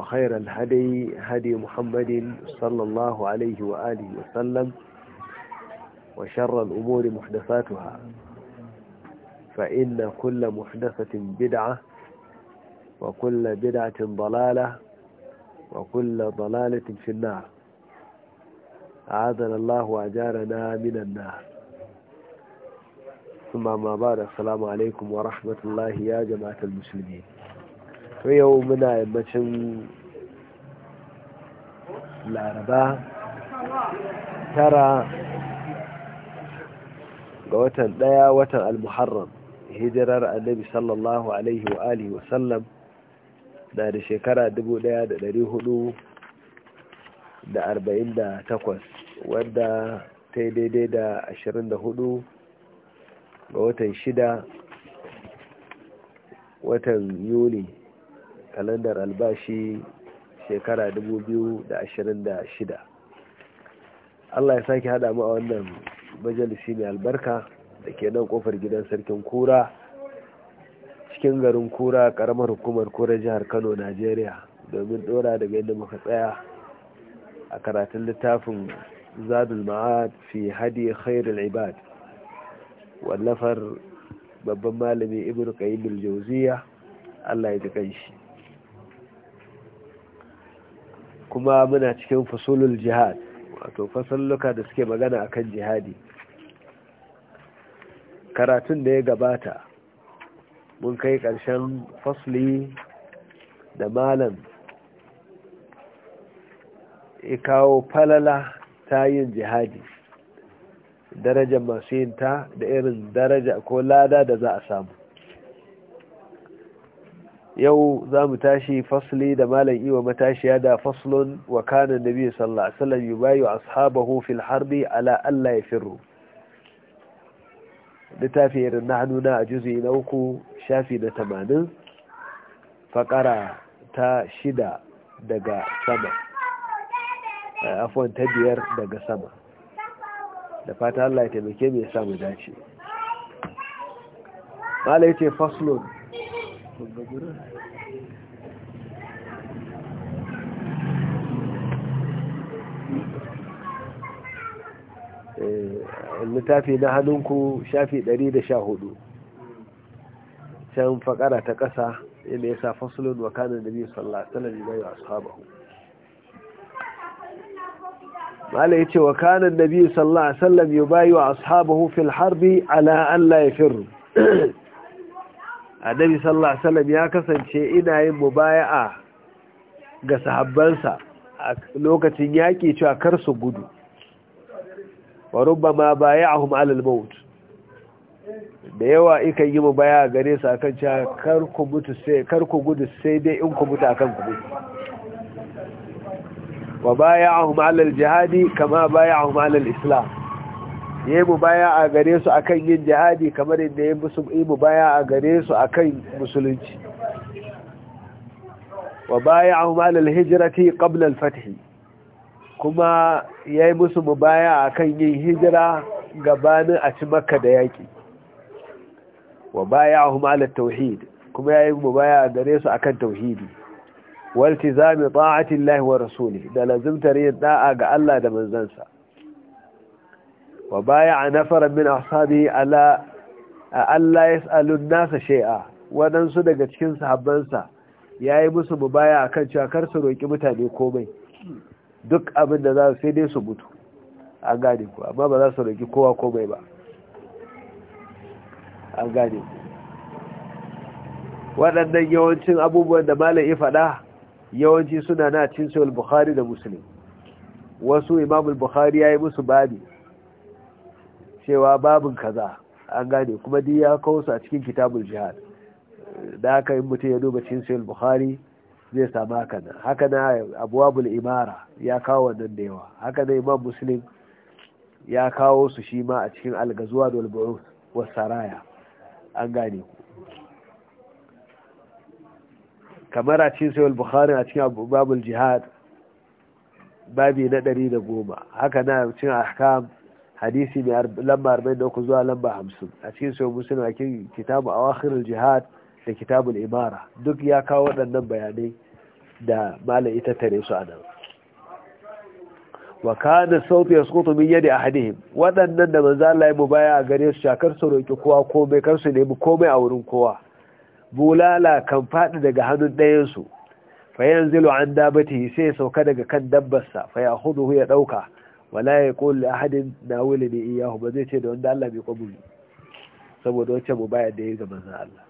وخير الهدي هدي محمد صلى الله عليه وآله وسلم وشر الأمور محدثاتها فإن كل محدثة بدعة وكل بدعة ضلالة وكل ضلالة في النار أعاذنا الله وأجارنا من النار ثم ما بعد السلام عليكم ورحمة الله يا جماعة المسلمين to yau muna yammacin laraba tara ga watan daya watan al-muharram hijirar annabi sallallahu alaihi wa alihi wa sallam na da shekara 1448 wadda ta yi daidai da 24 ga watan shida watan yuni kalandar albashi shekara 2026 Allah ya sake hada mu a wannan majalisi mai albarka da ke nan kofar gidan sarkin kura cikin garin kura karamar hukumar kura jihar kano najeriya domin dora daga yadda muka tsaya a karatun littafin zadul ma'ad fi hadi khairul ibad wallafar babban malami ibn qayyim al-jawziya Allah ya ji kanshi kuma muna cikin fasulul jihad wato fasalluka da suke magana akan jihadi karatun da ya gabata mun kai ƙarshen fasli da malam ya kawo falala ta yin jihadi darajar masu yinta da irin daraja ko lada da za a samu yau za mu tashi fasli da malam iwa matashiya da faslun wa kanan nabi sallallahu alaihi wasallam yubayu ashabahu fil harbi ala alla yafirru littafi irin na hannuna a juzi na uku shafi na tamanin fakara ta shida daga sama eh, afwan ta biyar daga sama da fata Allah ya taimake mai samu dace malai ce faslun Eh, littafi na halinku shafi 114 can fakara ta ƙasa inda ya sa fasulun wa kanin da biyu sallasalar yi a sahabahu ya ce wa kanin da biyu yi bayu a sahabahu fil harbi ala an ya firru annabi sallallahu alaihi wasallam ya kasance ina yin mubaya'a ga sahabbansa a lokacin yaki cewa kar su gudu wa rubbama bay'ahum 'ala al-maut da yawa ikan yi mubaya'a gare su akan cewa kar ku mutu sai kar ku gudu sai dai in ku mutu akan ku mutu wa bay'ahum 'ala al-jihadi kama bay'ahum 'ala al-islam ya yi mubaya a gare su akan yin jihadi kamar inda ya yi mubaya a gare su akan musulunci wa baya a humalar hijirati ƙablar fatihi kuma ya yi musu mubaya akan yin hijira gabanin a ci makka da yaƙi wa baya a humalar tauhid kuma ya yi mubaya a gare su akan tauhidi waltizami ba'atin lahiwar rasuli da lazimtar yin da'a ga Allah da manzansa wa baya a nafarar min ashabi a Allah ya tsalun nasa shai'a waɗansu daga cikin sahabbansa ya yi musu baya a kan cakar su roƙi mutane komai duk abin da za su sai dai su mutu an gane ku amma ba za su roƙi kowa komai ba an gane ku waɗannan yawancin abubuwan da malam ya faɗa yawanci suna na cin sayar bukhari da musulun wasu imamul bukhari ya yi musu babi cewa babin kaza an gane kuma duk ya kawo su a cikin kitabul jihad da haka yi mutum ya duba cikin sayar bukhari zai samu haka nan haka na abuwabul imara ya kawo wannan da yawa haka na imam muslim ya kawo su shi ma a cikin algazuwa da walbaru wasaraya an gane ku kamar a cikin sayar bukhari a cikin abubabul jihad babi na ɗari da goma haka na cikin ahkam hadisi mai lamba 43 zuwa lamba hamsin a cikin sai musulun a kitabu awakhir jihad da kitabul imara duk ya kawo waɗannan bayanai da malam ita tare su a nan wa kana sautu sukutu min yadi ahadihim waɗannan da manzan Allah ya baya a gare su shakar su roki kowa komai kar su nemi komai a wurin kowa bulala kan faɗi daga hannun ɗayan su fa yanzilu an dabatihi sai sauka daga kan dabbarsa fa hudu ya ɗauka wala ya qul li ahadin wuli ne iya ba zai ce da wanda Allah bai kabuli saboda wacce mu bayan da ya zama manzon Allah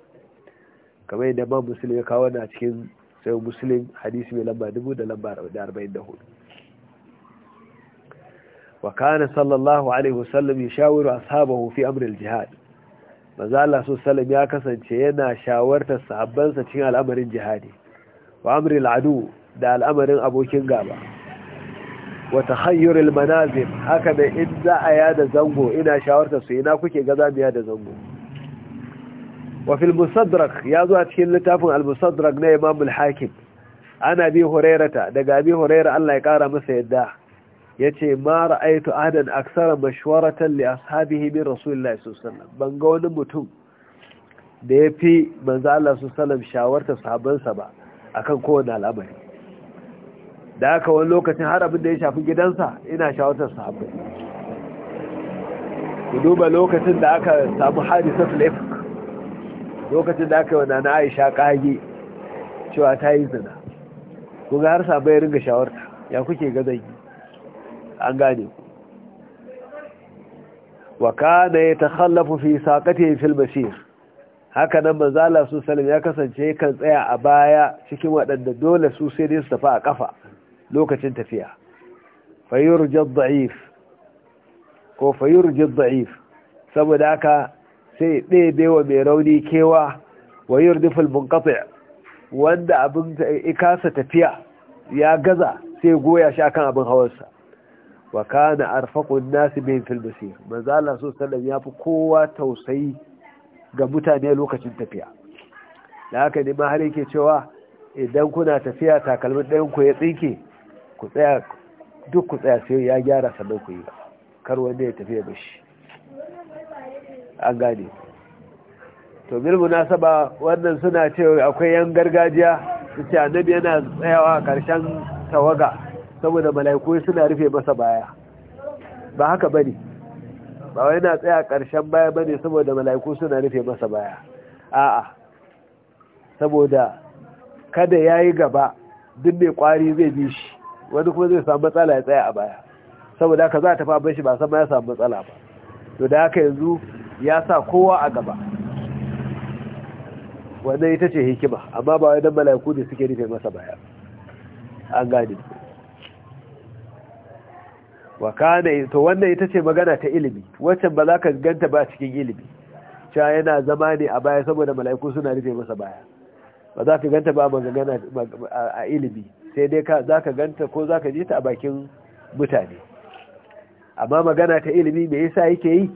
kamar yadda ma musulun ya kawo na cikin sai musulun hadisi mai lamba dubu da lamba da arba'in da hudu wa kana sallallahu alaihi wasallam ya shawar ashabahu fi amr al-jihad manzo Allah sallam ya kasance yana shawartar sahabbansa cikin al'amarin jihadi wa amr adu da al'amarin abokin gaba wata hanyar ilmanazim haka da in za a yada zango ina shawarta su ina kuke gaza mu yada zango wafil musadrak ya zo a cikin littafin al-musadrak na imam al-hakim ana bi hurairata daga bi huraira Allah ya kara masa yadda ya yace ma ra'aytu adan aksara mashwaratan li ashabihi min rasulillahi sallallahu alaihi wasallam ban ga wani mutum da yafi manzo Allah sallallahu alaihi wasallam shawarta sahabbansa ba akan kowane al'amari da aka wani lokacin har abin da ya shafi gidansa ina shawatar sahabbai ku duba lokacin da aka samu hadisatul ifk lokacin da aka yi wa na aisha kage cewa ta yi zina ku ga har ya ringa shawarta ya kuke ga zai an gane ku na ya ta hallafa fi saqatihi fil masir haka nan manzala Allah su Salim ya kasance kan tsaya a baya cikin waɗanda dole su sai ne su tafi a ƙafa. lokacin tafiya fayyurjar da'if ko fayyurjar da'if saboda aka sai ɗebe wa mai rauni kewa wayar nufin bunkafa wanda abin ikasa tafiya ya gaza sai goya shi akan abin hawarsa wa kana arfakun nasi bihim filmasi masir so sallam ya fi kowa tausayi ga mutane lokacin tafiya da haka ne ma har yake cewa idan kuna tafiya takalmin ɗayan ku ya tsinke ku tsaya duk ku tsaya sai ya gyara sannan ku yi kar wanda ya tafi ya bashi an gane to bil munasaba wannan suna cewa akwai yan gargajiya su ce annabi yana tsayawa karshen tawaga saboda mala'iku suna rufe masa baya ba haka bane ba wai yana tsaya karshen baya bane saboda mala'iku suna rufe masa baya a'a saboda kada yayi gaba duk mai kwari zai bi shi wani kuma zai samu matsala ya tsaya a baya saboda haka za ta faɓin shi ba sama ya samu matsala ba to da haka yanzu ya sa kowa a gaba wannan ita ce hikima amma ba wani dan mala'iku ne suke rufe masa baya an gani wa to wannan ita ce magana ta ilimi waccan ba za ka ganta ba cikin ilimi cewa yana zama ne a baya saboda mala'iku suna rufe masa baya ba za ka ganta ba magana a ilimi sai dai za ka ganta ko za ka ji ta a bakin mutane amma magana ta ilimi mai yasa yake yi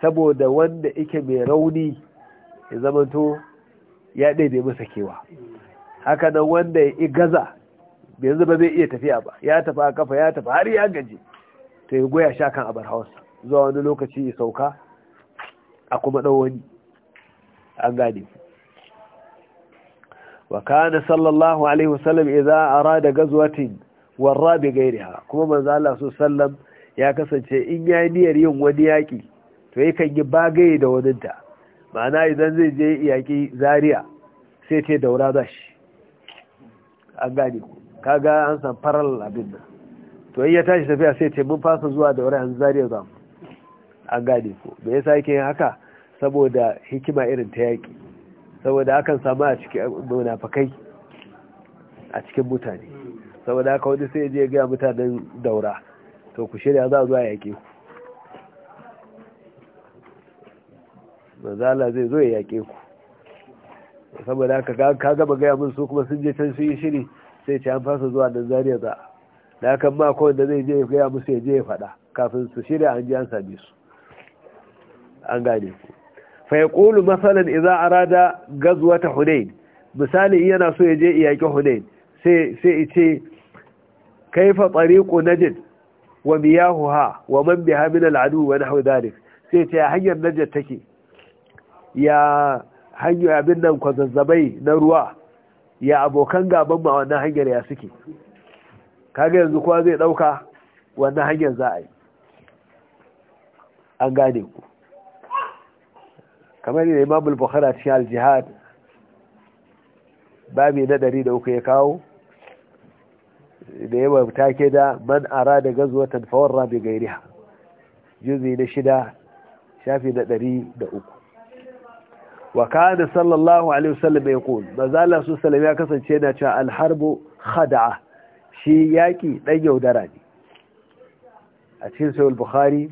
saboda wanda yake mai rauni ya zamanto ya ɗaiɗe masa kewa haka nan wanda ya gaza yanzu ba zai iya tafiya ba ya tafi a kafa ya tafi har ya gaji to ya goya sha kan abar hausa zuwa wani lokaci ya sauka a kuma ɗau wani an gane وكان صلى الله عليه وسلم إذا أراد غزوة warra bi gairiha kuma manzo Allah su sallam ya kasance in yayi niyyar yin wani yaki to kan yi bagaye da wadinta ma'ana idan zai je yaki Zaria sai ta daura za shi an gane ku ga an san faral abin nan to in ya tashi tafiya sai ta mun fasa zuwa daura an Zaria za mu an gane ku me yasa yake haka saboda hikima irin ta yaki saboda akan samu a cikin munafakai a cikin mutane saboda haka wani sai je ga mutanen daura to ku shirya za a zuwa yaƙe ku mazala zai zo ya yaƙe ku saboda haka ka gaba gaya musu su kuma sun je can sun yi shiri sai ce an fasa zuwa nan zariya za da aka ma kawai da zai je ya gaya musu ya je ya faɗa kafin su shirya an ji an same su an gane ku fa ya ƙulu matsalan arada ta hunain misali yana so ya je iyaki hunain sai sai ce kaifa tariqu najd wa ha, wa man biha min al'adu wa nahwu dhalik sai ce hanyar najd take ya hanyo abin nan kwazazzabai na ruwa ya abokan gaban ma wannan hanyar ya suke kaga yanzu kowa zai dauka wannan hanyar za a yi an gane ku kamar yadda imam bukhari a al-jihad babi na ɗari da uku ya kawo da yawa take da man ara da gazuwa tanfawar rabi gairiha juzi na shida shafi na ɗari da uku wa kana sallallahu alaihi wasallam ya kun mazala su salam ya kasance na cewa alharbu khada'a shi yaƙi ɗan yaudara ne a cikin sahih bukhari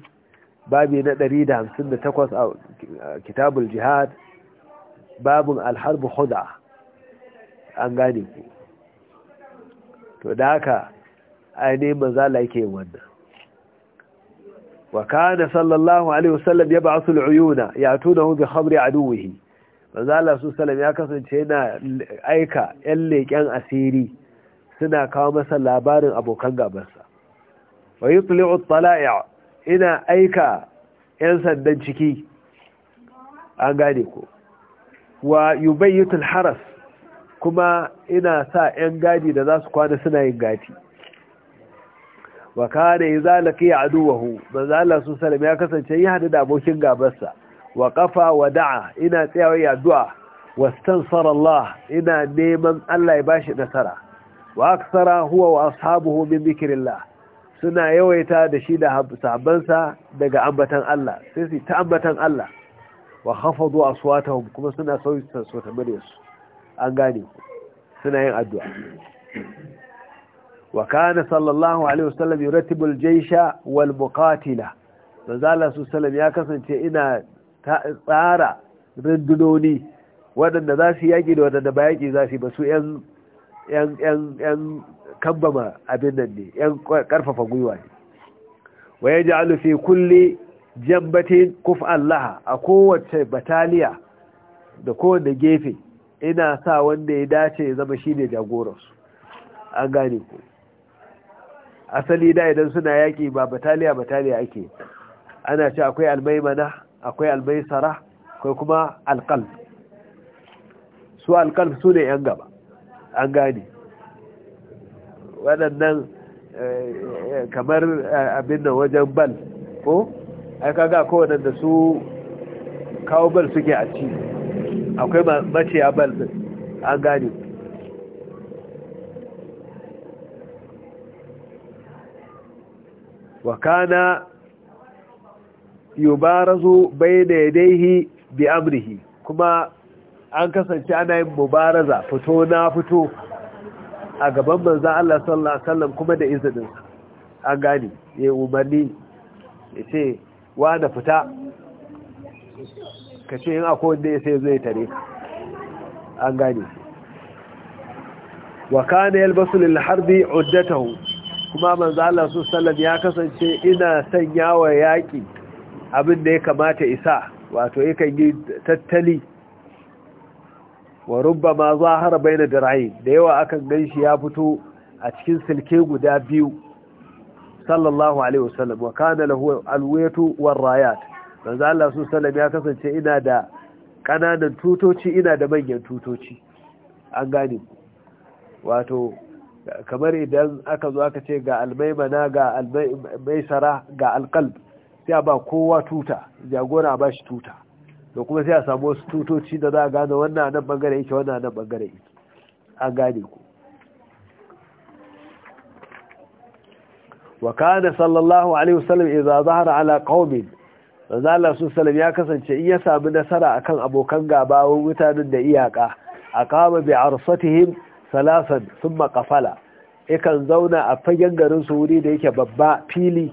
babi na 158 a kitabul jihad babin alharbu huda an gane ku to da haka ainihin mazala yake wannan wa kana sallallahu alaihi wasallam ya ba'asul uyuna ya tuna hu bi khabri aduwihi mazala su sallam ya kasance yana aika yan leƙen asiri suna kawo masa labarin abokan gabansa wa yutli'u at-tala'i' ina aika 'yan sandan ciki an gane ku. wa yubayyitul haras kuma ina sa 'yan gadi da za su kwana suna yin gati wa yi idza laqiya aduwahu ba Allah su salam ya kasance ya hadu da abokin gabarsa wa kafa wa da'a ina tsayawa ya addu'a wastansara Allah ina neman Allah ya bashi nasara wa aksara huwa wa ashabuhu min dhikrillah suna yawaita da shi da sahabbansa daga ambatan Allah sai su ta ambatan Allah wa khafadu aswatahum kuma suna sauyi su ta murya su an gane ku suna yin addu'a wa kana sallallahu alaihi wasallam yurattibu al-jaysha wal muqatila manzala su sallam ya kasance ina tsara rundunoni wadanda za su yaki da wadanda ba yaki za su ba su 'yan yan kambama abin nan ne yan karfafa gwiwa ne wa ya ji alufi kulle jambatin kuf Allah a kowace bataliya da kowane gefe ina sa wanda ya dace ya zama shi ne jagoransu an gane ku asali da idan suna yaƙi ba bataliya bataliya ake ana ce akwai almaimana akwai almaisara akwai kuma alƙal su alƙal su ne 'yan gaba an gane waɗannan eh, eh, kamar eh, abin da wajen bal ko ai kaga ko da su kawo bal suke a ci akwai mace maciya bal din an gane wa kana yubarazu bayna daidaihi bi amrihi kuma an kasance ana yin mubaraza fito na fito a gaban manzan Allah sallallahu Alaihi wasallam kuma da izinin an gani ya umarni ya ce wa da fita ka ce yin akwai wanda ya sai zai tare an gani wa kana yalbasu lil harbi uddatahu kuma manzan Allah sallallahu Alaihi wasallam ya kasance ina sanya wa yaki abin da ya kamata isa wato yakan yi tattali wa rubba ma zahara baina dir'ain da yawa akan shi ya fito a cikin silke guda biyu sallallahu alaihi wasallam wa kana lahu alwaytu rayat manzo Allah su sallam ya kasance ina da kananan tutoci ina da manyan tutoci an gane wato kamar idan aka zo aka ce ga almaimana ga maisara ga alqalb sai ba kowa tuta jagora ba shi tuta da kuma sai a samu wasu tutoci da za a gane wannan nan bangare yake wannan nan bangare yake an gane ku wa kana sallallahu alaihi wasallam idza zahara ala qaumin zalla su sallam ya kasance in ya samu nasara akan abokan gaba mutanen da iyaka aqama bi arsatihim salasan thumma qafala ikan zauna a fagen garin su wuri da yake babba fili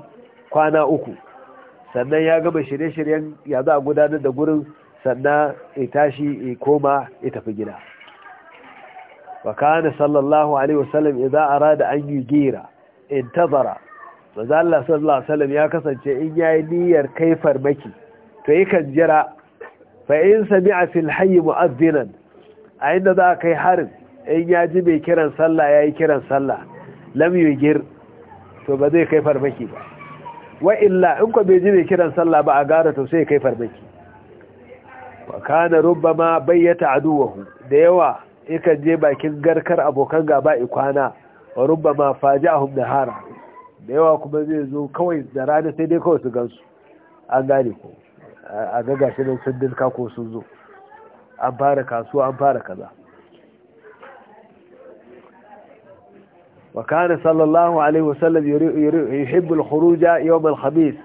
kwana uku sannan ya gama shirye-shiryen ya za a gudanar da gurin sannan ya tashi ya koma ya tafi gida wa kana sallallahu alaihi wasallam idza arada an yugira intazara manzo Allah sallallahu alaihi ya kasance in yayi niyyar kai farmaki to yakan jira fa in sami'a fil hayy mu'adhdhinan a inda za kai harin in ya ji mai kiran sallah yayi kiran sallah lam gir to ba zai kai farmaki ba wa illa in ko bai ji mai kiran sallah ba a gara to sai kai farmaki wa kana rubbama bayyata aduwahu da yawa ka je bakin garkar abokan gaba ikwana wa rubbama faji'ahum nahara da yawa kuma zai zo kawai da rana sai dai kawai su gansu an gane ko a ga gashi nan sun dinka ko sun zo an fara kasuwa an fara kaza وكان صلى الله عليه وسلم يحب الخروج يوم الخميس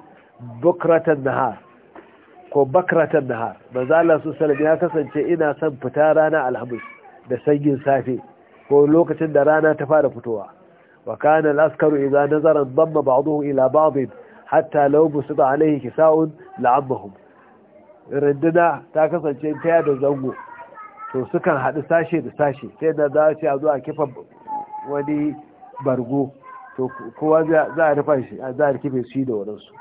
بكرة النهار ko bakrata nahar manzo su ya kasance ina son fita rana alhamis da sanyin safe ko lokacin da rana ta fara fitowa wa kana al-askaru idza nazara damma ba'dahu ila ba'd hatta law busita alayhi kisa'un la'abahum riddada ta kasance ta da zango to sukan hadu sashe da sashe sai da za a a zo a wani bargo to kowa za a rufa shi za a su shi da wadansu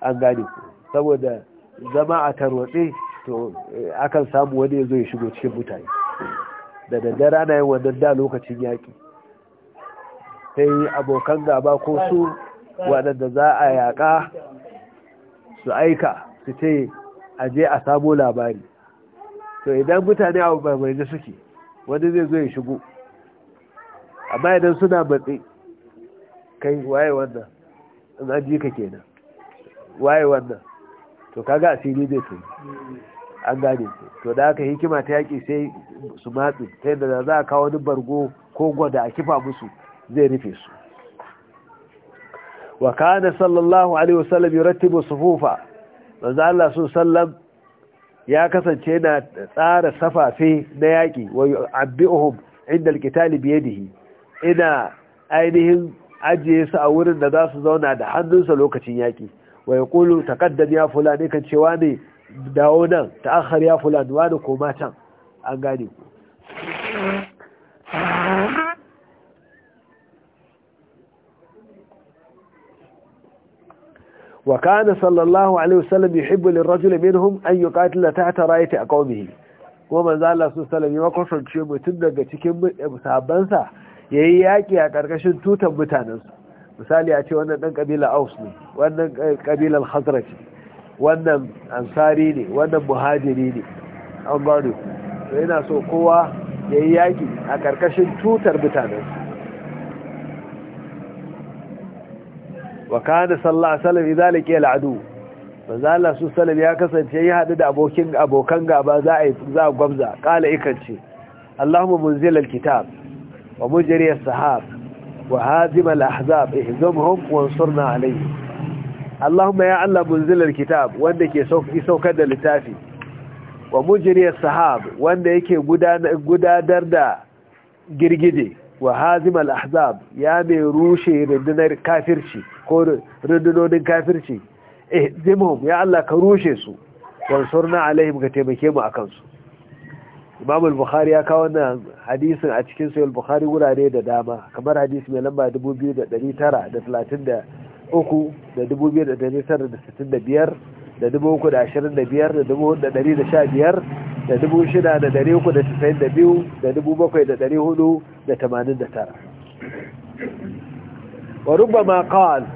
an gane saboda zama a tarwatse to eh, akan samu wani ya zo ya shigo cikin mutane da daddare ana yin wannan da lokacin yaƙi sai abokan gaba ko su waɗanda za a yaƙa su aika su ce a je a samo labari to idan mutane a bambarai suke wani zai zo ya shigo amma idan suna batse kai waye wannan in an ji ka kenan waye wannan to kaga asiri zai tuni an gane su to da aka hikima ta yaƙi sai su matsi ta yadda da za a kawo wani bargo ko gwada a kifa musu zai rufe su wa kana sallallahu alaihi wasallam yurattibu sufufa manzo Allah su sallam ya kasance yana tsara safafe na yaƙi wa yu'abbi'uhum inda alqitali bi yadihi ina ainihin ajiye su a wurin da za su zauna da hannunsa lokacin yaƙi wai kulu takaddam ya fula ne kan cewa ne dawo nan ta akhar ya fula duwa da koma can an gane ku wa kana sallallahu alaihi wasallam yuhibbu lirajuli minhum an yuqatila tahta ra'ati qawmihi kuma manzo Allah sallallahu alaihi wasallam ya kusance mutum daga cikin sabansa ya yi yaƙi a ƙarƙashin tutan mutanensu misali a ce wannan ɗan ƙabilar aus ne wannan ƙabilar hazrat wannan ansari ne wannan muhajiri ne an gano to yana so kowa ya yi yaƙi a ƙarƙashin tutar mutanensu wa kana sallallahu alaihi wasallam idza laqiya al'adu manzo Allah su sallam ya kasance ya hadu da abokin abokan gaba za a za a gwamza kala ikance Allahumma munzil al-kitab ومجري السحاب وهازم الأحزاب اهزمهم وانصرنا عليهم اللهم يا الله منزل الكتاب wanda ke saukar da littafi wa mujriyas sahab wanda yake gudanar da girgije wa hazim ahzab ya mai rushe rundunar kafirci ko rundunonin kafirci eh zimhum ya Allah ka rushe su wansurna alaihim ka taimake mu a kansu. imam al-bukhari ya kawo wannan hadisin a cikin sahih al-bukhari wurare da dama kamar hadisi mai lamba 2933 da 2965 da 325 da 415 da 6392 da 7489 wa rubbama qala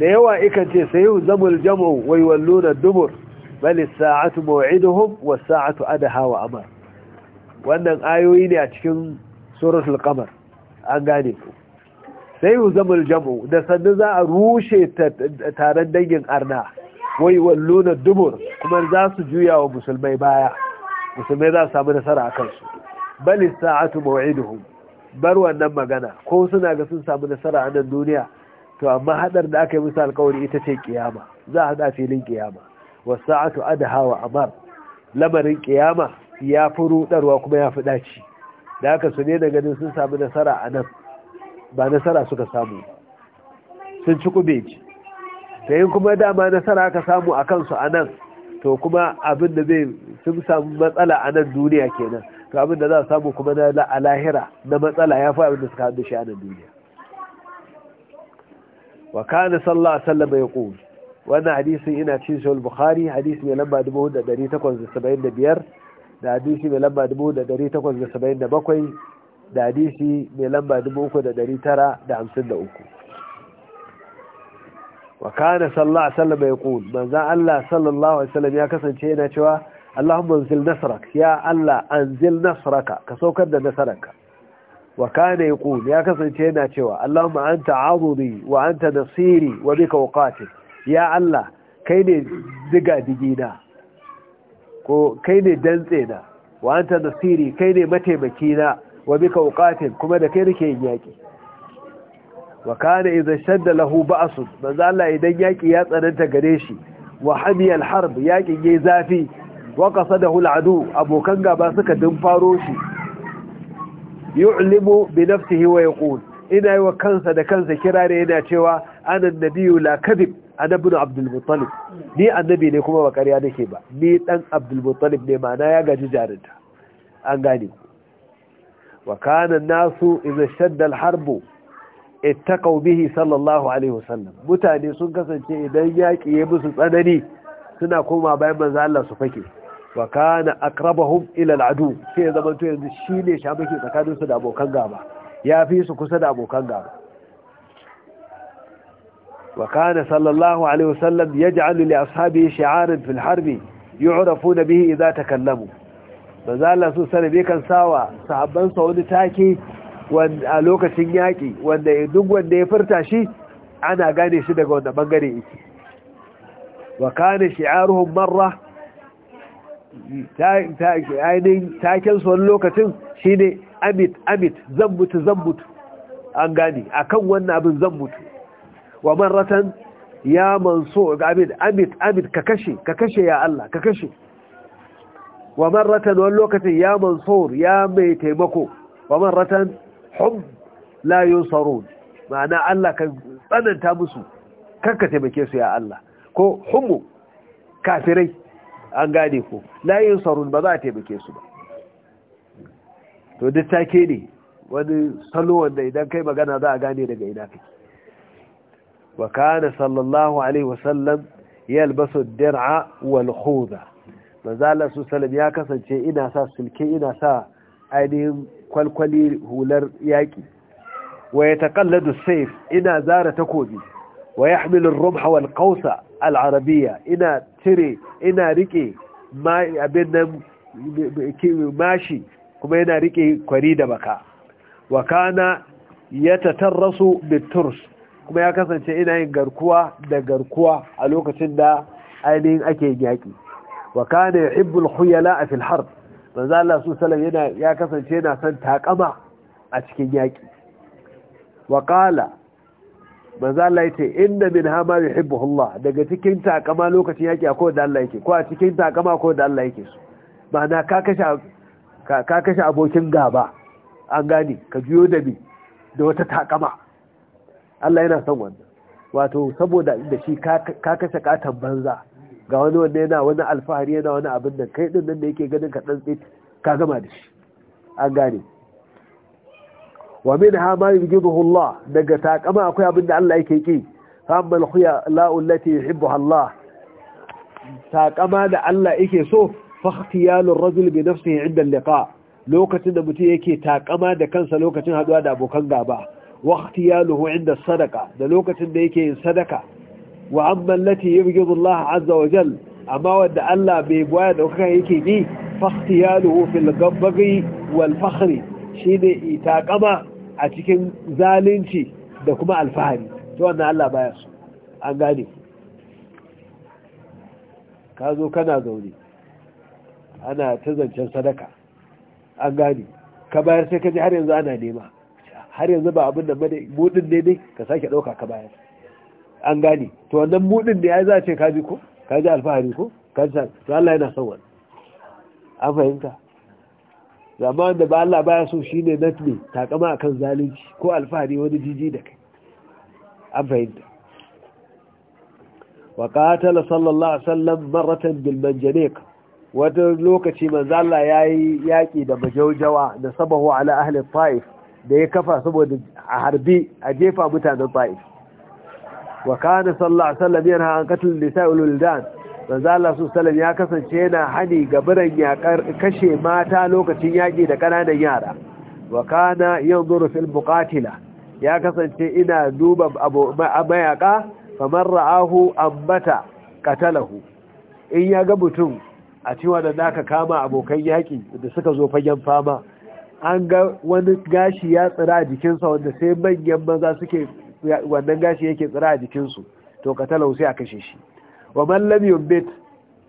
da yawa ikan ce sayu zamul jam'u wa yawalluna dubur bal saatu maw'iduhum was-sa'atu adaha wa amar wannan ayoyi ne a cikin suratul qamar an gane ku sai uza muljamu. da sannu za a rushe taron dangin arna wai walluna dubur kuma za su juya wa musulmai baya musulmai za su samu nasara a kansu bal sa'atu maw'iduhum bar wannan magana ko suna ga sun samu nasara a nan duniya to amma hadar da aka yi musu alƙawari ita ce kiyama za a hada filin kiyama wasa'atu adha wa amar, lamarin kiyama ya fi rudarwa kuma ya fi daci da aka su ne da ganin sun sami nasara a nan ba nasara suka samu sun ci kubeji ta yin kuma dama nasara aka samu a kansu a nan to kuma abin da zai sun samu matsala a nan duniya kenan to abin da za samu kuma na lahira na matsala ya fi abin da suka haɗu shi a nan duniya wa kana sallallahu alaihi wasallam ya ƙuri wannan hadisin ina cin shawul bukhari hadisi mai lamba 4875 da hadisi mai lamba 1877 da hadisi mai lamba 3953 wa kana sallallahu alaihi wasallam yaqul manzan Allah sallallahu alaihi wasallam ya kasance yana cewa Allahumma anzil nasrak ya Allah anzil nasraka ka saukar da nasaraka wa kana yaqul ya kasance yana cewa Allahumma anta azuri wa anta nasiri wa bika uqatil ya Allah kai ne diga digina ko kai ne dantse na wa anta nasiri kai ne mataimaki na wa bika uqatil kuma da kai nake yin yaki wa kana idza shadda lahu ba za Allah idan yaki ya tsananta gare shi wa al-harb yaƙin yayi zafi wa qasadahu da abokan gaba suka faro shi yu'limu bi nafsihi wa yaqul ina yi wa kansa da kansa kirare yana cewa anan nabiyu la kadhib adabin abdulmuttalib ni annabi ne kuma ba karya nake ba ni ɗan abdulmuttalib ne ma'ana ya gaji jarinta an gane wa kanan nasu iza shaddal harbo ittaqaw bihi sallallahu alaihi wasallam mutane sun kasance idan yaƙi ya musu tsanani suna koma bayan manzo Allah su fake wa kana aqrabahum ila al'adu sai ya zama to yanzu shine shamake tsakaninsu da abokan gaba ya fi su kusa da abokan gaba وكان صلى الله عليه وسلم يجعل لأصحابه شعارا في الحرب يعرفون به إذا تكلموا manzala su sani bai kan sawa sahabbansa wani take a lokacin yaki wanda duk wanda ya furta shi ana gane shi daga wanda bangare yake wa kane shi'aruhum marra ainihin wani lokacin shine amit amit zan mutu zan mutu an gane akan wannan abin zan mutu wa maratan ya manso abid abid abid ka kashe ka kashe ya Allah ka kashe wa maratan wani lokacin ya mansur ya mai taimako wa maratan hum la yusarun ma'ana Allah kan tsananta musu kanka taimake su ya Allah ko humu kafirai an gane ko la yusarun ba za a taimake su ba to duk take ne wani salo wanda idan kai magana za a gane daga ina kake وكان صلى الله عليه وسلم يلبس الدرع والخوذة manzala su salam ya kasance ina sa sulke ina sa ainihin kwalkwali hular yaƙi wa ya taƙalladu saif ina zara takobi wa ya hamilin rumha wal kausa al'arabiya ina cire ina riƙe abin nan kuma yana riƙe kwari da baka Wakana kana ya tatarrasu biturs kuma ya kasance ina yin garkuwa da garkuwa a lokacin da ainihin ake yaƙi wa kana yuhibbul khuyala a filhar. harb manzo Allah su sallam yana ya kasance yana son takama a cikin yaƙi wa qala manzo Allah yace inna min hama yuhibbuhu Allah daga cikin takama lokacin yaƙi akwai da Allah yake ko a cikin takama akwai da Allah yake su ma'ana ka kashe ka kashe abokin gaba an gane ka juyo da bi da wata takama Allah yana son wannan wato saboda da shi ka kashe katon banza ga wani wanda yana wani alfahari yana wani abin da kai din nan da yake ganin ka dan tsit ka gama da shi an gane wa ha ma yujibuhu Allah daga takama akwai abin da Allah yake ki amma al-khuya la allati yuhibbuha Allah takama da Allah yake so fa ikhtiyalur rajul bi nafsihi 'inda al-liqa lokacin da mutum yake takama da kansa lokacin haduwa da abokan gaba wa ikhtiyaluhu inda sadaka da lokacin da yake yin sadaka wa amma allati yubghidu Allah azza wa jal amma wadda Allah bai baya da kuka yake ni fa ikhtiyaluhu fil gabbi wal fakhri shine itaqama a cikin zalunci da kuma alfahari to wannan Allah baya su? an gane ka zo kana zaune ana ta zancen sadaka an gane ka bayar sai ka ji har yanzu ana nema har yanzu ba abin da bane mudin ne ne ka sake dauka ka bayar an gane to wannan mudin ne ai za a ce kaji ko kaji alfahari ko kaji to Allah yana son wannan an fahimta zaman da ba Allah baya so shine natne takama akan zalunci ko alfahari wani jiji da kai an fahimta wa qatala sallallahu alaihi wasallam maratan bil manjanik wata lokaci manzo Allah yayi yaki da majaujawa da sabahu ala ahli taif da ya kafa saboda a harbi a jefa mutanen ta'if wa kana sallallahu alaihi wasallam yana an katul nisa'ul wildan manzo Allah su sallam ya kasance yana hani ga biran yakar kashe mata lokacin yaƙi da kananan yara wa kana yanzuru fil muqatila ya kasance ina duba abu kamar ra'ahu ambata katalahu in ya ga mutum a cewa da zaka kama abokan yaƙi da suka zo fagen fama an ga wani gashi ya tsira a jikinsa wanda sai manyan maza suke wannan gashi yake tsira a jikinsu to ka talau sai a kashe shi wa man lam yumbit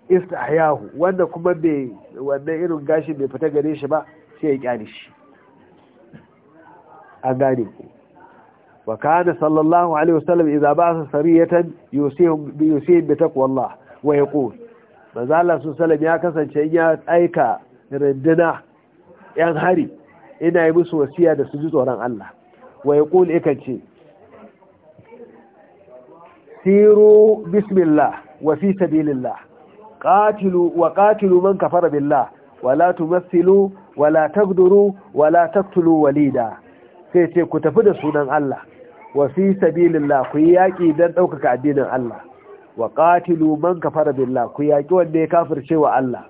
istahyahu wanda kuma bai wannan irin gashi bai fita gare shi ba sai ya kyale shi an gane ku wa kana sallallahu alaihi wasallam idza ba'atha sariyatan ya bi yusihim bi taqwallah wa yaqul manzo Allah sallallahu ya kasance ya aika rinduna yan hari ina yi musu wasiya da su ji tsoron Allah wa ƙuli ikan ce siru bismillah wa fi sabilillah qatilu wa qatilu man kafara billah wa la tumathilu wa la tagduru wa la taqtulu walida sai ce ku tafi da sunan Allah wa fi sabilillah ku yaki dan ɗaukaka addinin Allah wa qatilu man kafara billah ku yaki wanda ya kafirce wa Allah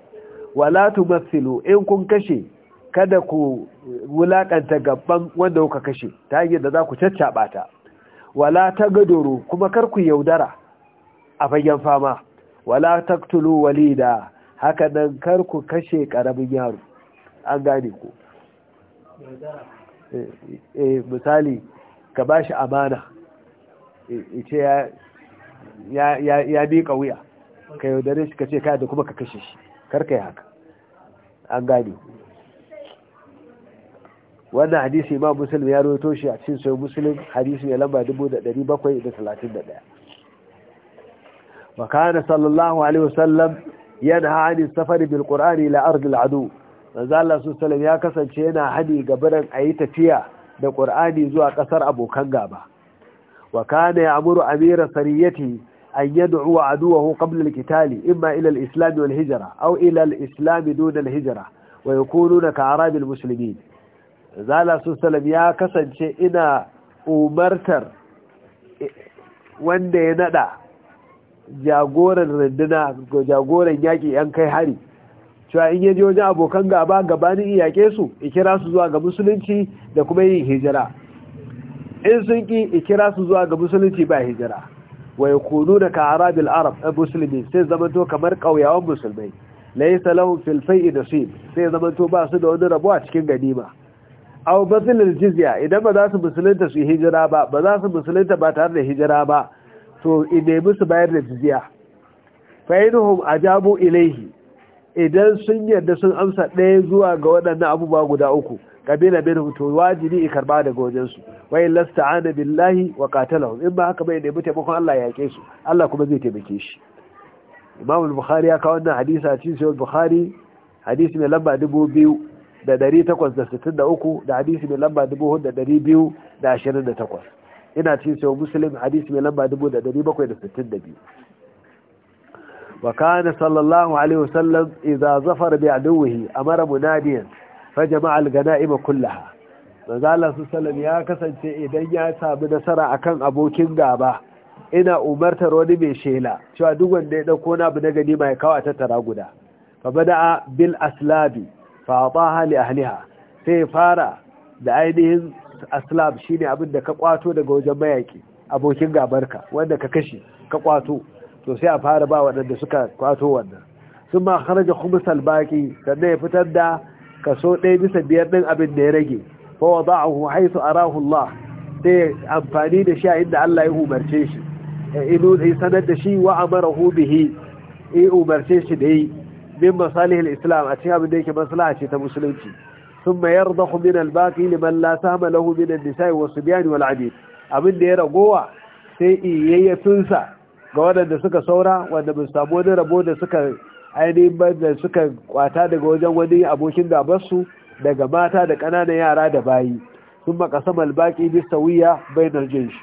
wala tumathilu in kun kashe kada ku wulaƙanta gaban wanda kuka kashe ta hanyar da za ku caccaɓa ta wala ta gadoro kuma kar ku yaudara a fagen fama wala taktulu walida haka nan kar ku kashe ƙaramin yaro an gane ku eh, eh, misali ka ba shi amana eh, ce ya miƙa wuya ka yaudare shi ka ce kada kuma ka kashe shi kar ka yi haka an gane ku wannan hadisi imam muslim ya roto shi a cikin sahih muslim hadisi mai lamba 1731 wa kana sallallahu alaihi wasallam yanha an safari bil qur'ani ila ard al adu manzo Allah sallallahu ya kasance yana hadi gabaran barin ayi tafiya da qur'ani zuwa kasar abokan gaba wa kana ya'muru amira sariyati an yad'u aduwahu qabla al qitali imma ila al islam wal hijra aw ila al islam dun al hijra wa yakununa ka arabi al muslimin zala su salam ya kasance ina umartar wanda ya nada jagoran runduna jagoran yaƙi yan kai hari cewa in yaje wajen abokan gaba gabanin iyake su ikira su zuwa ga musulunci da kuma yin hijira in sun ki ikira su zuwa ga musulunci ba hijira Wai kunu da ka arabil arab eh, musulmi sai zamanto kamar ƙauyawan musulmai laisa lahum fil fai'i nasib sai zamanto ba su da wani rabo a cikin ganima aw batilil jizya idan ba za su musulunta su hijira ba ba za su musulunta ba tare da hijira ba to nemi su bayar da jizya fa a ajabu ilaihi idan sun yarda sun amsa ɗaya zuwa ga waɗannan abubuwa guda uku kabila bin to wajibi i karba daga wajen su wa in lasta'ana billahi wa qatalahum in ba haka ba bai nemi taimakon Allah ya yake su Allah kuma zai taimake shi Imam al-Bukhari ya kawo wannan hadisi a cikin Sahih Bukhari hadisi mai lamba 2000 da ɗari takwas da sittin da uku da hadisi mai lamba dubu hudu da ɗari biyu da ashirin da takwas ina cikin sau musulun hadisi mai lamba dubu da ɗari bakwai da sittin da biyu وكان صلى الله عليه وسلم إذا ظفر بعدوه أمر مناديا فجمع الغنائم kullaha manzala su sallam ya kasance idan ya sami nasara akan abokin gaba ina umartar wani mai shela cewa duk wanda ya dauko na abu na gani mai kawo a tattara guda fa bada bil aslabi fa ba hali ahliha sai fara da ainihin aslam shine abin da ka kwato daga wajen mayaki abokin gabarka wanda ka kashe ka kwato to sai a fara ba wadanda suka kwato wannan sun ma kharaja khumsal baqi sannan ya fitar da kaso ɗaya bisa biyar ɗin abin da ya rage fa wada'ahu haythu arahu Allah sai amfani da shi a inda Allah ya umarce shi inu sanar da shi wa amarahu bihi ya umarce shi da yi min masalihil islam a cikin abin da yake maslaha ce ta musulunci ثم يرضخ من الباقي لمن لا سهم له wasu النساء والصبيان والعبيد abin da ya ragowa sai iyayyafinsa ga waɗanda suka saura wanda ba samu wani rabo da suka ainihin da suka kwata daga wajen wani abokin gabarsu daga mata da ƙananan yara da bayi sun makasa malbaƙi bisa wuya bainar jinshi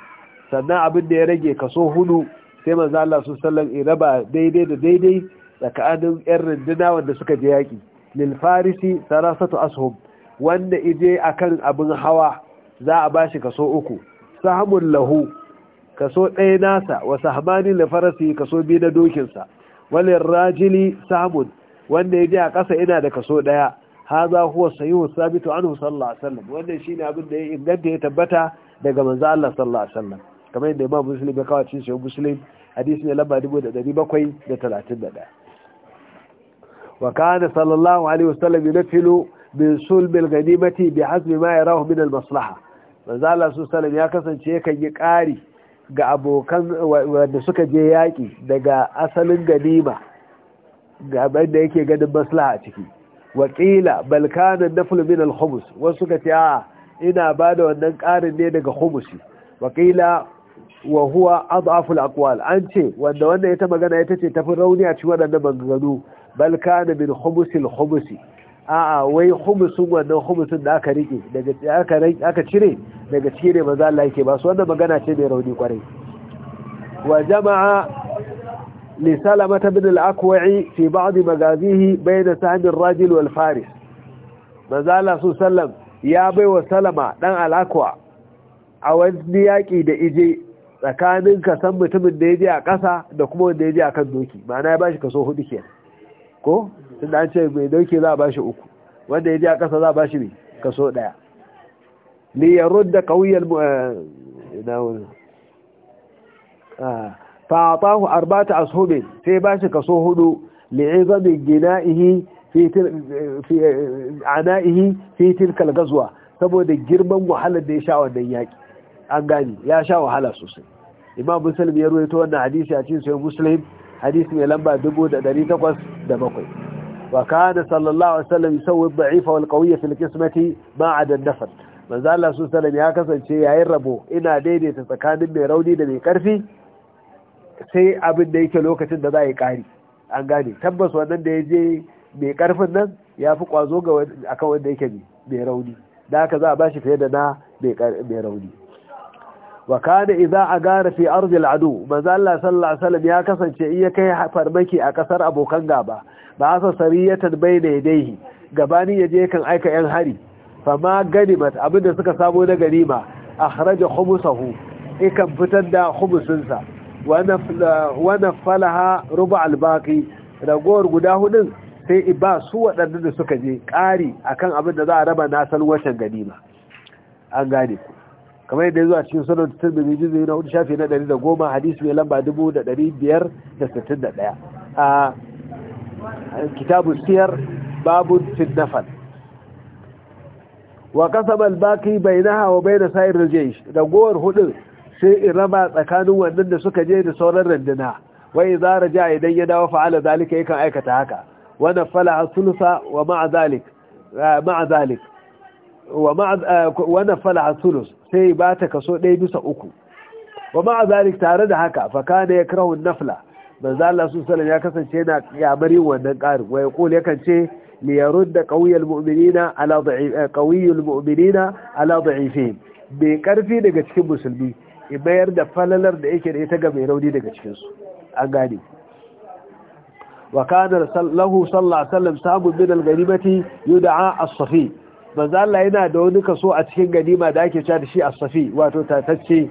sannan abin da ya rage kaso hudu sai manzo Allah sun sallan in raba daidai da daidai tsakanin yan rinduna wanda suka je yaƙi lil farisi sarasatu ashum wanda ije akan abin hawa za a bashi kaso uku sahamun lahu kaso ɗaya nasa wa sahamani na farasi kaso biyu na dokinsa walin rajili samun wanda ije a ƙasa ina da kaso ɗaya ha za huwa sayihu sabitu anhu sallallahu alaihi wasallam wannan shine abin da ya inganta ya tabbata daga manzo Allah sallallahu alaihi wasallam kamar yadda Imam Muslim ya kawo cin shi Muslim hadisi ne lamba 1731 وكان صلى الله عليه وسلم ينفل من صلب الغنيمة بحسب ما يراه من المصلحة manzo Allah su sallam ya kasance yakan yi ƙari ga abokan wanda suka je yaƙi daga asalin ganima ga da yake ganin maslaha a ciki wakila balkanan naflu min al wasu suka ce a ina bada wannan ƙarin ne daga khumsi wakila wa huwa adhaful aqwal an ce wanda wanda ita magana ita ce tafi rauni a cikin wadannan maganganu bal kana min khumusil khumusi a'a wai khumusun wannan khumusun da aka rike daga aka aka cire daga cikin ne manzo Allah yake ba su wannan magana ce mai rauni kwarai wa jama'a li salamata bin al-aqwa'i fi ba'd magazihi bayna sahib ar-rajul wal faris maza Allah sallam ya bai wa salama dan al-aqwa a wani yaƙi da ije tsakanin ka san mutumin da ya je a ƙasa da kuma wanda ya je a kan doki ma'ana ya bashi kaso hudu kenan ko sun da an ce mai doki za a bashi uku wanda ya je a ƙasa za a bashi mai kaso ɗaya ni ya rudda mu. Eh, ina wani ah, fa atahu arba'ata ashubin sai bashi kaso hudu li'izami gina'ihi fi eh, ana'ihi fi tilka al-ghazwa saboda girman wahalar da ya sha wannan yaki an gani ya sha wahala sosai imam muslim ya ruwaito wannan hadisi a cikin sahih muslim hadisi mai lamba 1807 wa kana sallallahu alaihi wasallam yusawwi dha'ifa wal qawiyya fil qismati ba'da an-nafar manzo Allah sallallahu alaihi ya kasance yayin rabo ina daidaita tsakanin mai rauni da mai karfi sai abin da yake lokacin da za yi kari an gane tabbas wannan da ya je mai karfin nan ya fi kwazo ga akan wanda yake mai rauni da haka za a ba bashi fiye da na mai rauni wa kana idza agara fi ardil adu manzo Allah sallallahu alaihi wasallam ya kasance iya kai farmaki a kasar abokan gaba ba sa sariyatan bayna yadayhi gabani yaje kan aika yan hari fama ganimat abinda suka samu na ganima akhraja khumsahu ikan fitar da sa, wa nafalaha ruba albaqi ragowar guda hudun sai iba su waɗanda da suka je ƙari akan abin da za a raba na san ganima an gane ku kamar yadda zuwa cikin sunan tirmidhi juz'i na hudu shafi na ɗari da goma hadisu mai lamba dubu da ɗari biyar da sittin da ɗaya a kitabu siyar babu fitnafal wa bai na bainaha wa na sa'ir al da gowar hudu sai in raba tsakanin wannan da suka je da sauran randuna wai idza raja idan ya dawo fa'ala zalika yakan aikata haka fala a sulusa wa ma'a ma'a zalik wa ma'a eh, sulus sai ba ta kaso ɗaya bisa uku wa ma'a zalik tare da haka faka ne ya kirahu nafla manzo Allah sun ya kasance yana kyamar yin wannan ƙarin wa yaqul yakan ce li da eh, qawiyul mu'minina ala dha'if qawiyul mu'minina ala dha'ifihim bai karfi daga cikin musulmi in mayar da falalar da yake da ita ga mai rauni daga cikin su an gane wa kana lahu sallallahu alaihi wasallam sabu min al-ghanimati yud'a as-safi manzo Allah yana da wani kaso a cikin ganima da ake cewa da shi as-safi wato tatacce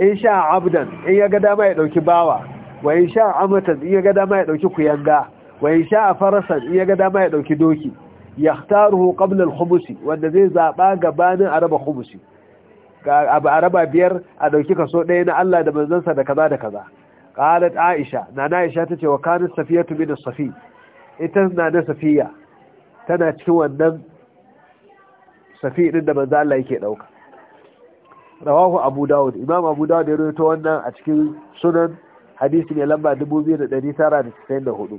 in sha abdan in ya ga dama ya dauki bawa wa in sha amatan in ya ga dama ya dauki kuyanga wa in sha farasan in ya ga dama ya dauki doki yahtaruhu qabla al-khumusi wanda zai zaba gabanin araba khumusi ga araba biyar a dauki kaso ɗaya na Allah da manzansa da kaza da kaza qalat aisha nana aisha tace wa kanat safiyatu min as-safi ita nana safiya tana cikin wannan safi din da manzo Allah yake dauka rawahu abu daud imam abu daud ya rawaito wannan a cikin sunan hadisi ne lamba 2994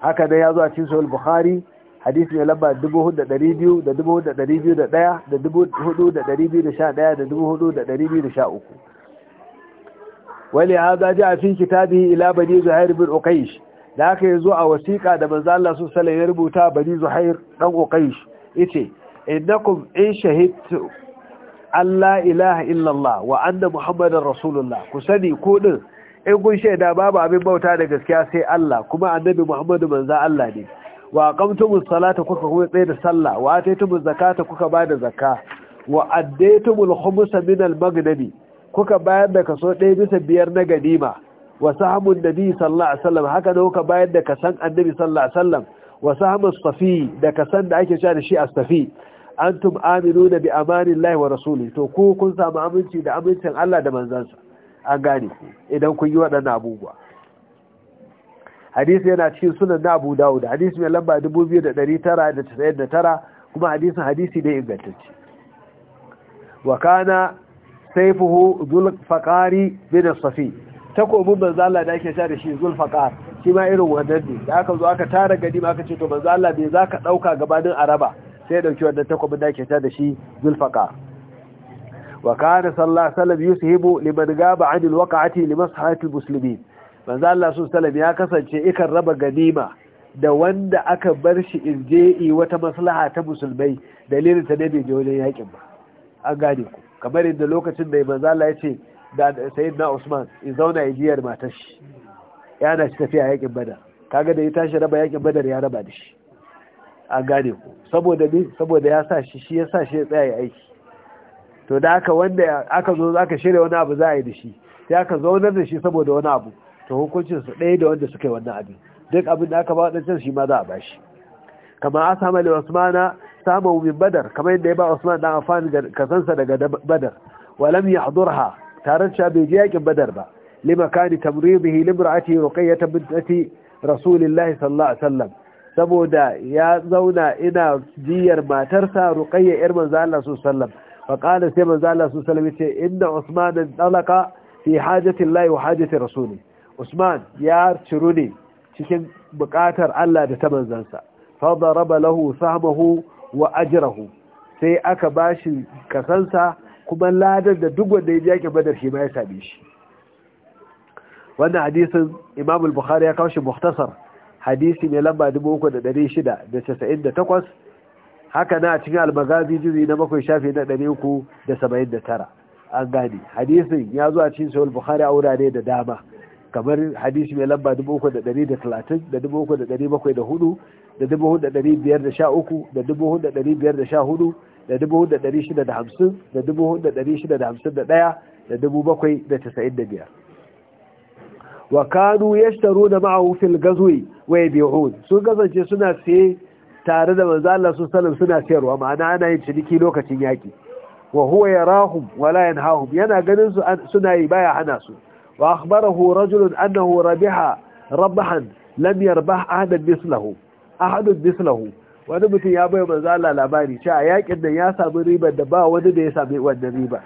haka da ya zo a cikin sahih bukhari hadisi ne lamba 4200 da 4201 da 4211 da 4213 wali hada ja fi kitabi ila bani zuhair bin uqaysh da aka yi zo a wasiƙa da manzo Allah sallallahu alaihi wasallam ya rubuta bani zuhair dan uqaysh yace innakum in shahidtu Allah ilaha illallah wa anna muhammadar rasulullah ku sani ko din in kun shaida babu abin bauta da gaskiya sai Allah kuma annabi muhammadu manzo Allah ne wa aqamtumus salata kuka kuma tsaye da sallah wa ataytumuz zakata kuka bada zakka wa addaytumul khumsa min al magdabi kuka bayar da kaso 1 bisa biyar na gadima. wa sahabun nabi sallallahu alaihi wasallam haka da kuka bayar da kasan annabi sallallahu alaihi wasallam wa sahmu safi da kasan da ake cewa da shi as-safi antum aminuna bi amanillahi wa rasuli to ku kun samu aminci da amincin Allah da manzansa an gane idan kun yi waɗannan abubuwa hadisi yana cikin sunan na Abu Dawud hadisi mai lamba 2999 kuma hadisin hadisi ne ingantacce wa kana sayfuhu dhul faqari bin as-safi takobin manzala da ake sha da shi zulfaqar shi ma irin wannan ne da aka zo aka tara gani ma aka ce to banzala bai zaka dauka gabanin araba sai ɗauki wannan takobin da ake sha da shi zulfaqar wa kana sallallahu alaihi wasallam liman gaba an alwaqati limaslahatil muslimin manzo Allah sun salam ya kasance ikan raba ganima da wanda aka bar shi in je inje'i wata maslaha ta musulmai dalilin ta ne bai je wajen yakin ba an gane ku kamar yadda lokacin da manzo Allah ya ce da sayyidina Usman ya zauna ya jiyar matar shi yana shi tafiya yakin badar kaga da ya tashi raba yakin badar ya raba da shi a gane ku saboda ne saboda ya sa shi shi ya sa shi ya tsaya aiki to da aka wanda aka zo aka shirya wani abu za a yi da shi sai aka zaunar da shi saboda wani abu to hukuncin su ɗaya da wanda suka yi wannan abin duk abin da aka ba wadancan shi ma za a bashi kamar samu da usmana samu min badar kamar yadda ya ba usman dan afan kasansa daga badar walam yahdurha taron cewa bai je yakin badar ba limakani tamridihi limra'ati ruqayyah bintati rasulillahi sallallahu alaihi wasallam saboda ya zauna ina jiyar matarsa ruqayyah yar manzo Allah sallallahu alaihi wasallam fa sai manzo Allah sallallahu alaihi wasallam yace inna usman talaqa fi hajati llahi wa hajati rasuli usman ya ciru ne cikin bukatar Allah da ta manzansa fa daraba lahu sahmahu wa ajrahu sai aka bashi kasansa kuma ladar da duk wanda ya ji yakin badar shi ma ya same shi wannan hadisin imam al-bukhari ya kawo shi muhtasar hadisi mai lamba 3698 haka na a cikin al-magazi juzi na bakwai shafi na 379 an gane hadisin ya zo a cikin sahih al-bukhari a wurare da dama kamar hadisi mai lamba 330 da 3704 da 4513 da 4514 da dubu da ɗari shida da hamsin da dubu da ɗari shida da hamsin da ɗaya da dubu bakwai da tasa'in da biyar wa kanu yashtaru da ma'ahu fil gazwi wa sun kasance suna siye tare da manzo Allah sun sanin suna siyarwa ma'ana ana yin ciniki lokacin yaki wa huwa yarahum wala la yanhahum yana ganin su suna yi baya hana su wa akhbarahu rajulun annahu rabiha rabahan lam yarbah ahadan mislahu ahadun mislahu wani mutum ya bai manzo Allah labari cewa yakin nan ya samu ribar da ba wani da ya sami wannan riba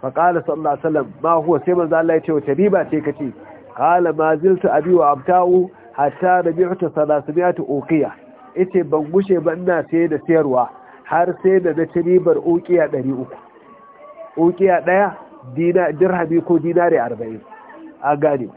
fa qala sallallahu alaihi wasallam ma huwa sai manzo Allah ya ce wace riba ce kace qala ma ziltu abi wa abta'u hatta rabi'tu 300 uqiya yace ban gushe ba ina sai da sayarwa har sai da na ci ribar uqiya 300 uqiya daya dina dirhami ko dinari 40 a gane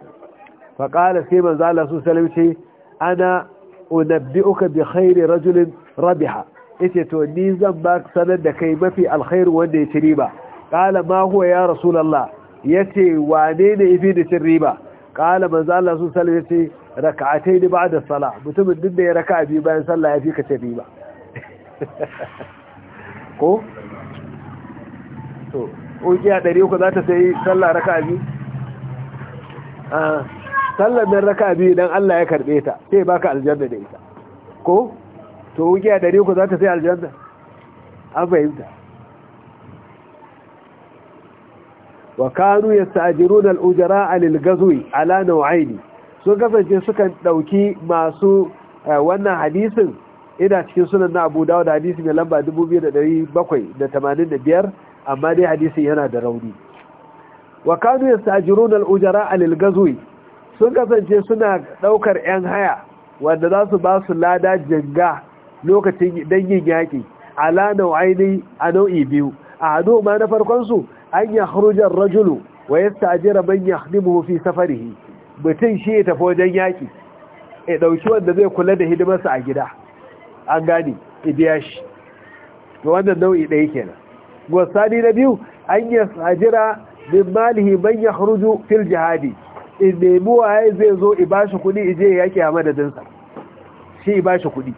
fa qala sai manzo Allah sallallahu alaihi wasallam ce ana unabbi'uka bi khairi rajulin rabiha yace to ni zan ba sanar da kai mafi alkhairu wanda ya ci riba qala ma huwa ya rasulullah yace wane ne ifi da cin riba qala manzo Allah sun sallallahu yace rak'atayn ba'da salah mutumin duk da ya raka'a bi bayan sallah yafi ka tafi ba ko to ukiya 300 za ta sai sallah raka'a biyu ah. sallar raka biyu idan Allah ya karbe ta sai baka aljanna da ita ko to wukiya dare ku za ta sai aljanna an fahimta wa kanu yasta'jiruna al-ujara'a lil ghazwi ala naw'aini sun kasance suka dauki masu eh, wannan hadisin ina cikin sunan na Abu Dawud hadisi mai lamba 2785 amma dai hadisi yana da rauni wa kanu yasta'jiruna al-ujara'a lil ghazwi sun kasance suna ɗaukar 'yan haya wanda za su ba su lada jinga lokacin dangin yaƙi ala ainihi a nau'i biyu a hado ma na farkonsu an yi harujar rajulu wa ya stajira man ya fi safarihi mutum shi ya tafi wajen yaƙi ya ɗauki wanda zai kula da hidimarsa a gida an gane ibiya shi ga wannan nau'i ɗaya kenan gwasani na biyu an yi stajira min malihi man ya fil jihadi ɗebi waye zai zo ibashi kuɗi ije yake a madadinsa shi ibashi kuɗi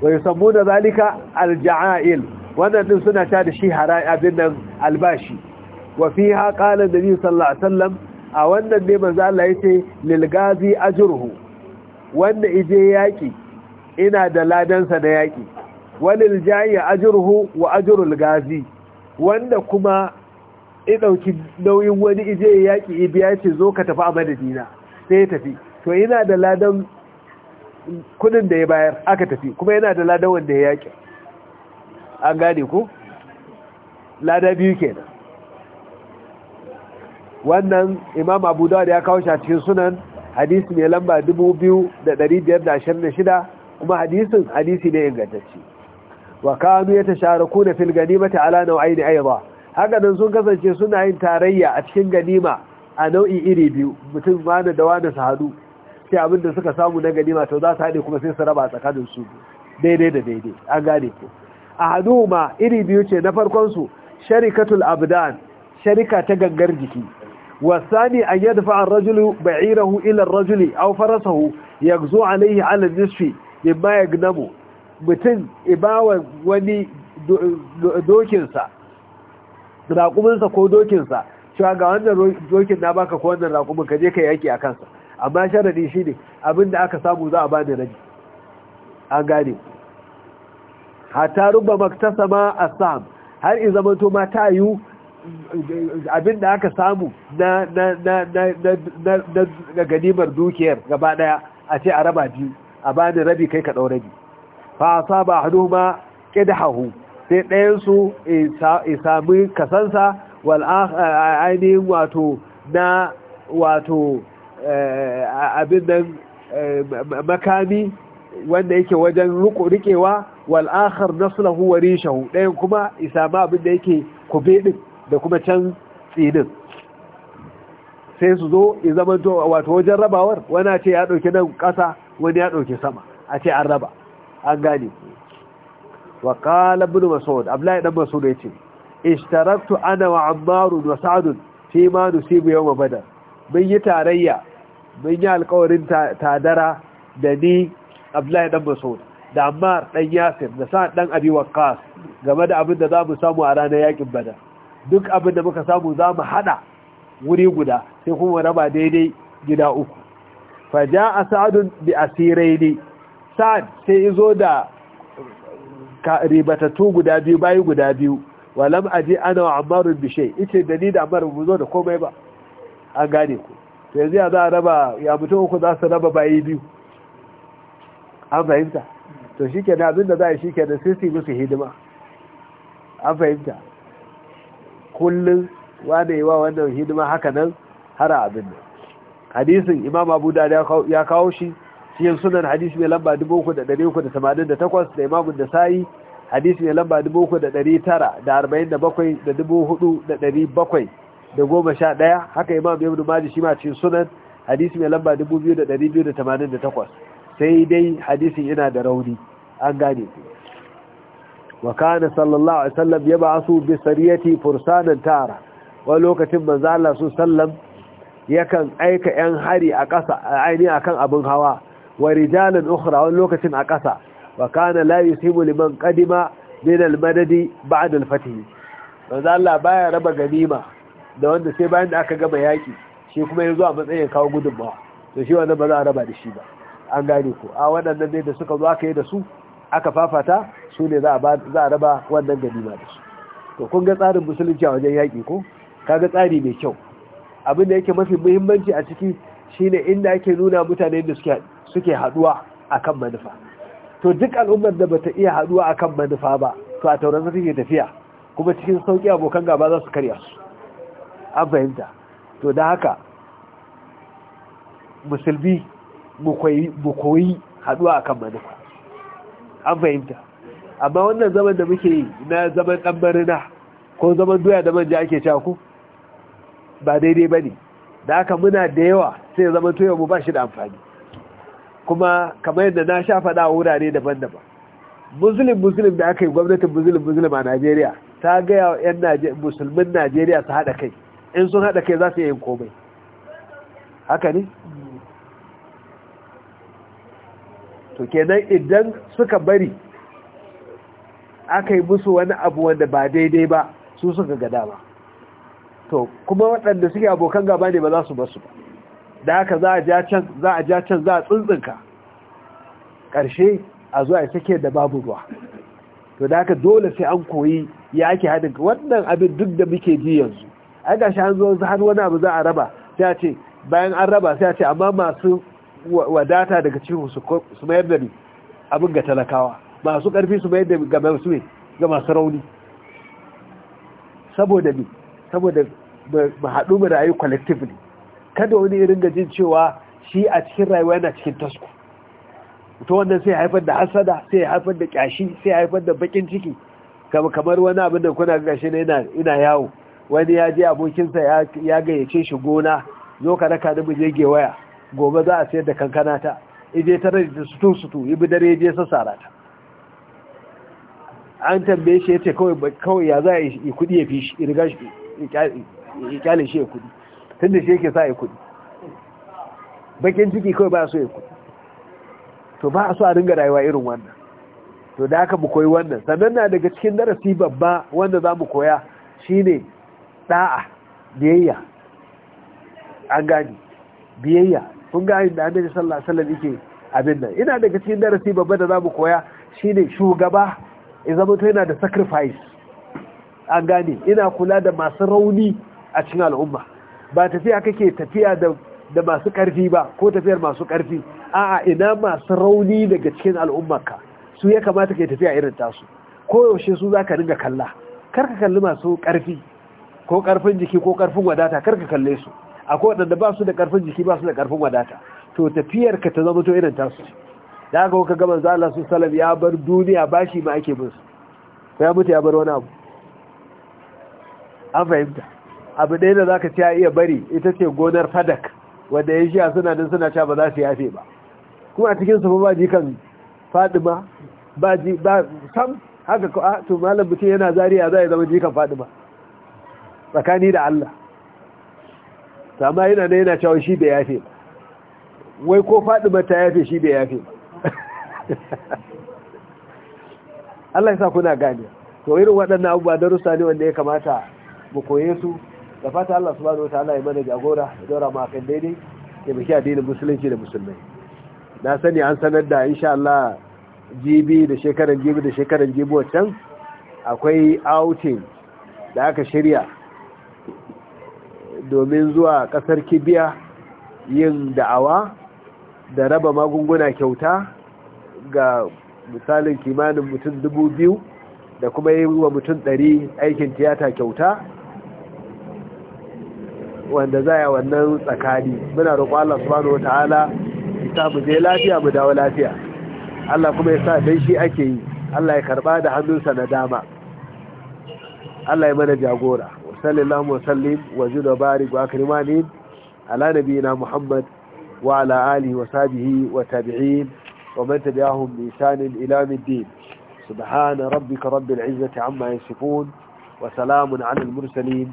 wai sabu da zalika alja'a'il wannan din suna ta da shi harai abin nan albashi wa fiha da nabi sallallahu alaihi a wannan ne manzo Allah ce lil gazi jirhu wanda ije yaƙi ina da ladansa da yaki walil a jirhu wa jirul gazi wanda kuma ya ɗauki nauyin wani ije ya yaƙi ibiya ya ce zo ka tafi a madadina sai ya tafi to yana da ladan kudin da ya bayar aka tafi kuma yana da ladan wanda ya yaƙi an gane ku lada biyu kenan wannan imam abu da ya kawo shi cikin sunan hadisi mai lamba 2526 kuma hadisin hadisi ne ingantacce wa kanu kuna filgani mata ala nau'aini ayyaba haka nan sun kasance suna yin tarayya a cikin ganima a nau'i iri biyu mutum wani da wani su hadu, sai abin suka samu na ganima to za su haɗe kuma sai su raba tsakanin su daidai da daidai an gane ku a hadu ma iri biyu ce na farkon su sharikatul abdan sharika ta gangar jiki wasani an yadfa an rajulu ba'irahu ila rajuli aw farasahu yagzu alayhi ala nisfi mimma yagnamu mutum ibawa wani dokinsa raƙuminsa ko dokinsa cewa ga wannan dokin na baka ko wannan raƙumin ka je ka yaki a kansa amma sharadi shi ne abinda aka samu za a ba da rabi an gane hatta rubba maktasa ma a sam har in zamanto ma ta yiwu abinda aka samu na ganimar dukiyar gaba daya a ce a raba biyu a bani rabi kai ka ɗau rabi fa sa ba hannu ma ƙidahahu sai ɗayan ɗayansu isami kasansa ah, ainihin wato na wato eh, abin nan eh, makami wanda yake wajen rikewa wal'akhar naslahu wa rishahu ɗayan kuma isama abin da yake kube ɗin da kuma can tsinin sai su zo zama wato wajen rabawar wani a ce ya ɗauki nan ƙasa wani ya ɗauki sama a ce an raba an gane wa qala ibn mas'ud abdullahi dan mas'ud yace ishtaraktu ana wa ammar wa sa'd fi ma nusibu yawm badar mun yi tarayya mun yi alƙawarin tadara da ni abdullahi dan mas'ud da ammar dan yasir da sa'd dan abi waqqas game da abin da za mu samu a ranar yakin badar duk abin da muka samu za mu hada wuri guda sai kuma raba daidai gida uku faja a sadun bi asirai ne sad sai izo da ribatattu guda biyu bayi guda biyu walam aji ana wa ammarun bishe ita da ni da ammarun mu zo da komai ba an gane ku to yanzu ya za a raba ya mutum uku za su raba bayi biyu an fahimta to shi ke abin da za a shi ke da sisi musu hidima an fahimta kullum wane yi wa wannan hidima haka nan har abin nan hadisin imam abu da ya kawo shi cikin sunan hadisi mai lamba 3,388 da imamun da sayi hadisi mai lamba 3,947 da tara da goma sha ɗaya haka imam ibn maji shi ma cikin sunan hadisi mai lamba 2,288 sai dai hadisin yana da rauni an gane Wakana wa kana sallallahu alaihi wasallam ya ba'asu bi sariyati fursanan tara wa lokacin manzo Allah sallallahu yakan aika yan hari a ƙasa aini akan abin hawa wa rijalan wani lokacin a ƙasa wa kana la yusibu Kadima, qadima min al-madadi ba'da al-fath manzo baya raba ganima da wanda sai bayan da aka gama yaki shi kuma yazo a matsayin kawo gudunmawa to shi wannan ba za a raba da shi ba an gane ku a waɗannan ne da suka zo aka yi da su aka fafata su ne za a raba wannan ganima da su to kun ga tsarin musulunci a wajen yaƙi ko Ka ga tsari mai kyau abin da yake mafi muhimmanci a ciki shine inda ake nuna mutanen da suke suke haduwa akan manufa to duk al'ummar da bata iya haduwa akan manufa ba to a tauran take tafiya kuma cikin sauki abokan gaba za su karya su an fahimta to da haka musulmi mu koyi haduwa akan manufa an fahimta amma wannan zaman da muke yi na zaman dan barina ko zaman doya da manja ake caku ba daidai ba ne. da haka muna da yawa sai zaman toyo mu ba shi da amfani kuma kamar yadda na sha faɗa wurare daban-daban muslim muslim da aka yi gwamnatin muslim muslim a najeriya ta gaya wa 'yan musulmin najeriya su haɗa kai in sun haɗa kai za su yin komai haka ne to kenan idan suka bari aka yi musu wani abu wanda ba daidai ba su suka gada ba to kuma waɗanda suke abokan gaba ne ba za su basu ba da haka za a ja can za a ja can a tsuntsinka ƙarshe a zuwa ya sake da babu ruwa to da haka dole sai an koyi ya ake haɗin wannan abin duk da muke ji yanzu ga shi an zo har wani abu za a raba sai a ce bayan an raba sai a ce amma masu wadata daga cikin su mayar da ni abin ga talakawa masu ƙarfi su mayar da ga masu ga masu rauni saboda ni saboda mu haɗu mu rayu collectively kada wani irin gajin cewa shi a cikin rayuwa yana cikin tasku to wannan sai haifar da hasada sai haifar da kyashi sai haifar da bakin ciki kamar wani abin da kuna gashi ne ina yawo wani ya je abokinsa ya gayyace shi gona zo ka raka ni mu je gewaya gobe za a sayar da kankana ta ije ta rage ta sutu sutu ibi dare je sassara ta an tambaye shi ya ce kawai ya za a yi kudi ya fi shi ya riga shi ya kyale shi ya kudi tun da shi yake sa ya kuɗi bakin ciki kawai ba so ya kuɗi to ba a so a ringa rayuwa irin wannan to da aka mu koyi wannan sannan na daga cikin darasi babba wanda za mu koya shi ne, da'a biyayya an gani biyayya sun gani da annabi sallallahu alaihi wasallam yake abin nan ina daga cikin darasi babba da za mu koya shine shugaba in zama to yana da sacrifice an gane ina kula da masu rauni a cikin al'umma ba tafiya kake tafiya da masu ƙarfi ba ko tafiyar masu ƙarfi a'a ina masu rauni daga cikin al'ummarka su ya kamata ke tafiya irin tasu Ko yaushe su zaka ka dinga kalla kar ka kalli masu ƙarfi ko ƙarfin jiki ko ƙarfin wadata kar kalle su akwai waɗanda ba su da ƙarfin jiki ba su da ƙarfin wadata to tafiyar ka ta zama to irin tasu da aka kuka gaban za Allah su ya bar duniya ba shi ma ake bin su ya mutu ya bar wani abu an fahimta abu ɗaya da za ka ciya iya bari ita ce gonar fadak wadda ya shiya suna nan suna ca ba za su yafe ba kuma a cikin sufa ba jikan fadima ba ji ba sam haka ko a to malam mutum yana zariya za ya zama jikan fadima tsakani da Allah sama yana nan yana cewa shi bai yafe ba wai ko fadima ta yafe shi bai yafe ba Allah ya sa kuna gane to irin waɗannan abubuwa darussa ne wanda ya kamata mu koye su da fata Allah wata ala ya mana jagora da daura mu daidai ya biki addinin musulunci da musulmai na sani an sanar da insha Allah jibi da shekaran jibi da shekaran jibi wancan akwai outing da aka shirya domin zuwa kasar kibiya yin da'awa da raba magunguna kyauta ga misalin kimanin mutum dubu biyu da kuma yi wa mutum ɗari aikin tiyata kyauta wanda za a wannan tsakani muna roƙon Allah subhanahu wataala ya mu je lafiya mu dawo lafiya Allah kuma ya sa dan shi ake yi Allah ya karba da hannunsa na dama Allah ya mana jagora wa sallallahu wa sallim wa zid barik wa akrimani ala nabiyina Muhammad wa ala alihi wa sahbihi wa tabi'in wa man tabi'ahum bi ihsan ila yawm سبحان ربك رب العزة عما يصفون وسلام على المرسلين